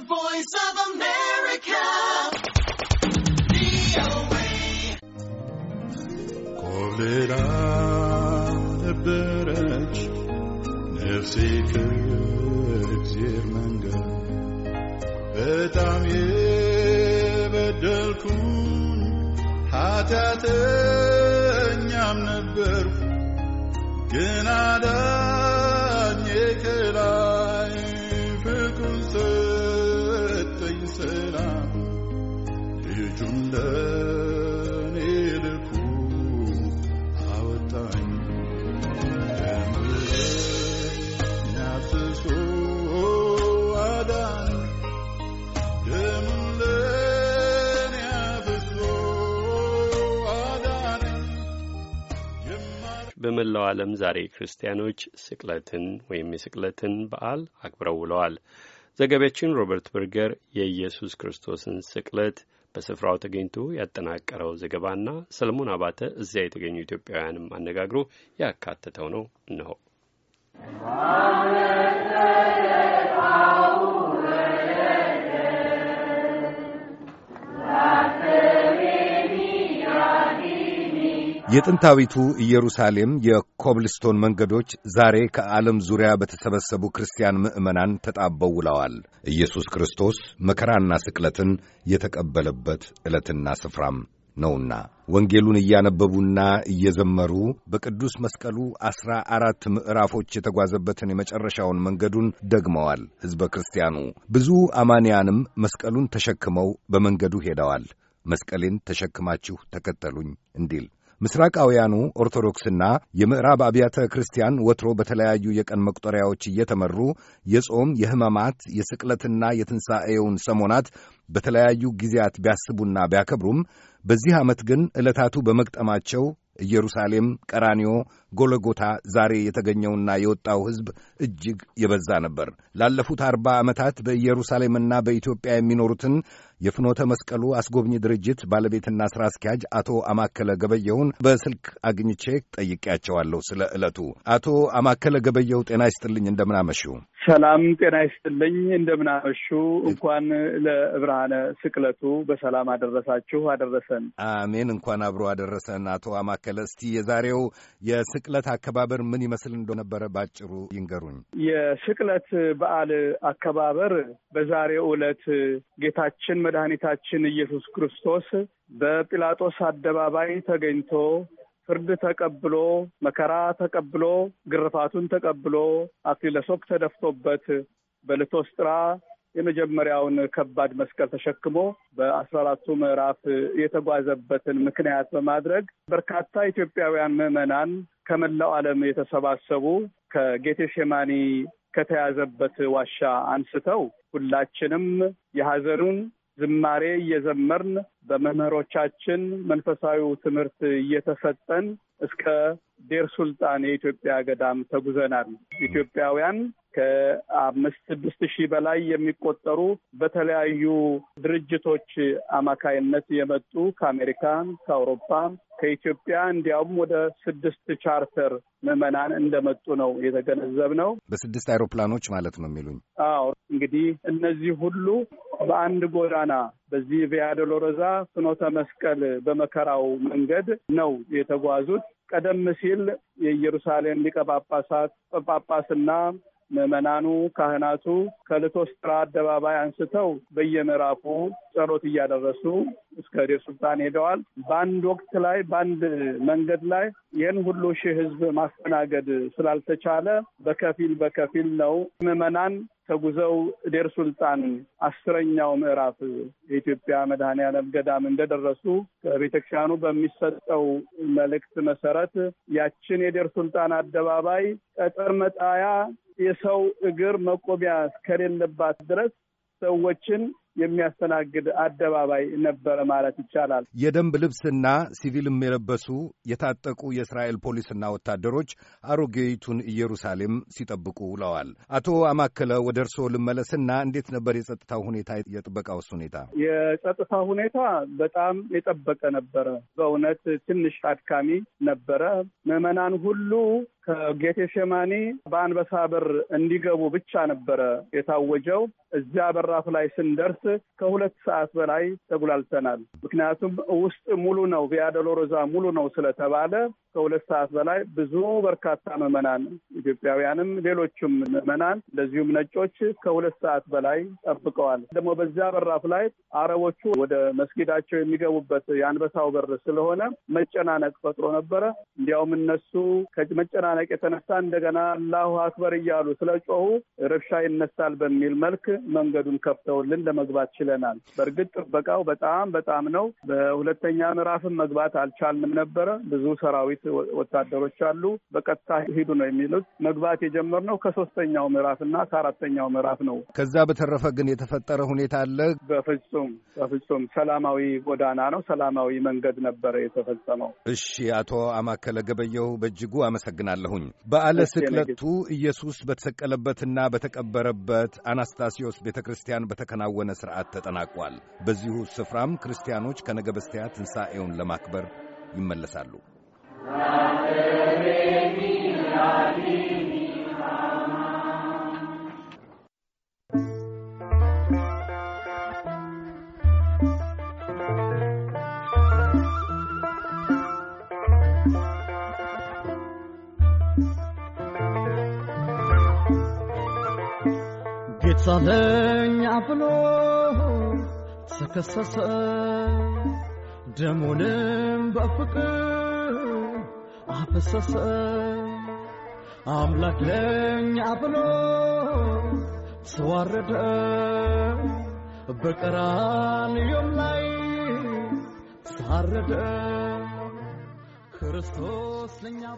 voice of America. ኮሌራ ነበረች ነፍሴ ከእግዜር መንገድ በጣም የበደልኩኝ ኃጢአተኛም ነበርኩ ግን በመላው ዓለም ዛሬ ክርስቲያኖች ስቅለትን ወይም የስቅለትን በዓል አክብረው ውለዋል። ዘገቢያችን ሮበርት በርገር የኢየሱስ ክርስቶስን ስቅለት በስፍራው ተገኝቶ ያጠናቀረው ዘገባና ሰለሞን አባተ እዚያ የተገኙ ኢትዮጵያውያንም አነጋግሮ ያካተተው ነው። እንሆ። የጥንታዊቱ ኢየሩሳሌም የኮብልስቶን መንገዶች ዛሬ ከዓለም ዙሪያ በተሰበሰቡ ክርስቲያን ምዕመናን ተጣበው ውለዋል። ኢየሱስ ክርስቶስ መከራና ስቅለትን የተቀበለበት ዕለትና ስፍራም ነውና ወንጌሉን እያነበቡና እየዘመሩ በቅዱስ መስቀሉ ዐሥራ አራት ምዕራፎች የተጓዘበትን የመጨረሻውን መንገዱን ደግመዋል። ሕዝበ ክርስቲያኑ ብዙ አማንያንም መስቀሉን ተሸክመው በመንገዱ ሄደዋል። መስቀሌን ተሸክማችሁ ተከተሉኝ እንዲል ምስራቃውያኑ ኦርቶዶክስና የምዕራብ አብያተ ክርስቲያን ወትሮ በተለያዩ የቀን መቁጠሪያዎች እየተመሩ የጾም የሕማማት የስቅለትና የትንሣኤውን ሰሞናት በተለያዩ ጊዜያት ቢያስቡና ቢያከብሩም በዚህ ዓመት ግን ዕለታቱ በመግጠማቸው ኢየሩሳሌም፣ ቀራኒዮ፣ ጎለጎታ ዛሬ የተገኘውና የወጣው ሕዝብ እጅግ የበዛ ነበር። ላለፉት አርባ ዓመታት በኢየሩሳሌምና በኢትዮጵያ የሚኖሩትን የፍኖተ መስቀሉ አስጎብኚ ድርጅት ባለቤትና ሥራ አስኪያጅ አቶ አማከለ ገበየሁን በስልክ አግኝቼ ጠይቄያቸዋለሁ። ስለ ዕለቱ አቶ አማከለ ገበየሁ ጤና ይስጥልኝ፣ እንደምናመሹ። ሰላም ጤና ይስጥልኝ፣ እንደምናመሹ። እንኳን ለብርሃነ ስቅለቱ በሰላም አደረሳችሁ አደረሰን። አሜን። እንኳን አብሮ አደረሰን። አቶ አማከለ እስቲ የዛሬው የስ ስቅለት አከባበር ምን ይመስል እንደነበረ ባጭሩ ይንገሩኝ። የስቅለት በዓል አከባበር በዛሬው ዕለት ጌታችን መድኃኒታችን ኢየሱስ ክርስቶስ በጲላጦስ አደባባይ ተገኝቶ ፍርድ ተቀብሎ መከራ ተቀብሎ ግርፋቱን ተቀብሎ አክሊለ ሦክ ተደፍቶበት በልቶስጥራ የመጀመሪያውን ከባድ መስቀል ተሸክሞ በአስራ አራቱ ምዕራፍ የተጓዘበትን ምክንያት በማድረግ በርካታ ኢትዮጵያውያን ምዕመናን ከመላው ዓለም የተሰባሰቡ ከጌቴሴማኒ ከተያዘበት ዋሻ አንስተው ሁላችንም የሐዘኑን ዝማሬ እየዘመርን በመምህሮቻችን መንፈሳዊ ትምህርት እየተሰጠን እስከ ዴር ሱልጣን የኢትዮጵያ ገዳም ተጉዘናል። ኢትዮጵያውያን ከአምስት ስድስት ሺህ በላይ የሚቆጠሩ በተለያዩ ድርጅቶች አማካይነት የመጡ ከአሜሪካን፣ ከአውሮፓ፣ ከኢትዮጵያ እንዲያውም ወደ ስድስት ቻርተር ምዕመናን እንደመጡ ነው የተገነዘብ ነው። በስድስት አይሮፕላኖች ማለት ነው የሚሉኝ። አዎ እንግዲህ እነዚህ ሁሉ በአንድ ጎዳና በዚህ ቪያዶሎረዛ ፍኖተ መስቀል በመከራው መንገድ ነው የተጓዙት። ቀደም ሲል የኢየሩሳሌም ሊቀ ጳጳሳት ጳጳስና ምዕመናኑ፣ ካህናቱ ከልቶስትራ አደባባይ አንስተው በየምዕራፉ ጸሎት እያደረሱ እስከ ዴር ሱልጣን ሄደዋል። በአንድ ወቅት ላይ በአንድ መንገድ ላይ ይህን ሁሉ ሺህ ህዝብ ማስተናገድ ስላልተቻለ በከፊል በከፊል ነው ምዕመናን ተጉዘው ዴር ሱልጣን አስረኛው ምዕራፍ የኢትዮጵያ መድኃኔዓለም ገዳም እንደደረሱ ከቤተክርስቲያኑ በሚሰጠው መልእክት መሰረት ያችን የዴር ሱልጣን አደባባይ ጠጠር መጣያ የሰው እግር መቆሚያ እስከሌለባት ድረስ ሰዎችን የሚያስተናግድ አደባባይ ነበረ ማለት ይቻላል። የደንብ ልብስና ሲቪልም የለበሱ የታጠቁ የእስራኤል ፖሊስና ወታደሮች አሮጌይቱን ኢየሩሳሌም ሲጠብቁ ውለዋል። አቶ አማከለ ወደ እርስዎ ልመለስና እንዴት ነበር የጸጥታ ሁኔታ? የጥበቃውስ ሁኔታ? የጸጥታ ሁኔታ በጣም የጠበቀ ነበረ። በእውነት ትንሽ አድካሚ ነበረ። ምዕመናን ሁሉ ከጌቴ ሸማኒ በአንበሳ በር እንዲገቡ ብቻ ነበረ የታወጀው። እዚያ በራፍ ላይ ስንደርስ ከሁለት ሰዓት በላይ ተጉላልተናል። ምክንያቱም ውስጥ ሙሉ ነው፣ ቪያደሎሮዛ ሙሉ ነው ስለተባለ ከሁለት ሰዓት በላይ ብዙ በርካታ ምዕመናን ኢትዮጵያውያንም ሌሎችም ምዕመናን እንደዚሁም ነጮች ከሁለት ሰዓት በላይ ጠብቀዋል። ደግሞ በዚያ በራፍ ላይ አረቦቹ ወደ መስጊዳቸው የሚገቡበት የአንበሳው በር ስለሆነ መጨናነቅ ፈጥሮ ነበረ። እንዲያውም እነሱ ከመጨናነቅ የተነሳ እንደገና አላሁ አክበር እያሉ ስለ ጮሁ ረብሻ ይነሳል በሚል መልክ መንገዱን ከፍተውልን ለመግባት ችለናል። በእርግጥ ጥበቃው በጣም በጣም ነው። በሁለተኛ ምዕራፍም መግባት አልቻልንም ነበረ ብዙ ሰራዊት ወታደሮች አሉ። በቀጥታ ሂዱ ነው የሚሉት። መግባት የጀመርነው ከሶስተኛው ምዕራፍ እና ከአራተኛው ምዕራፍ ነው። ከዛ በተረፈ ግን የተፈጠረ ሁኔታ አለ? በፍጹም በፍጹም ሰላማዊ ጎዳና ነው፣ ሰላማዊ መንገድ ነበረ የተፈጸመው። እሺ፣ አቶ አማከለ ገበየሁ በእጅጉ አመሰግናለሁኝ። በዓለ ስቅለቱ ኢየሱስ በተሰቀለበትና በተቀበረበት አናስታሲዮስ ቤተ ክርስቲያን በተከናወነ ስርዓት ተጠናቋል። በዚሁ ስፍራም ክርስቲያኖች ከነገ በስቲያ ትንሣኤውን ለማክበር ይመለሳሉ። ሳለኛ ብሎ ተከሰሰ ደሙንም በፍቅር አፈሰሰ አምላክ ለኛ ብሎ ተዋረደ በቀራንዮም ላይ ሳረደ ክርስቶስ ለኛ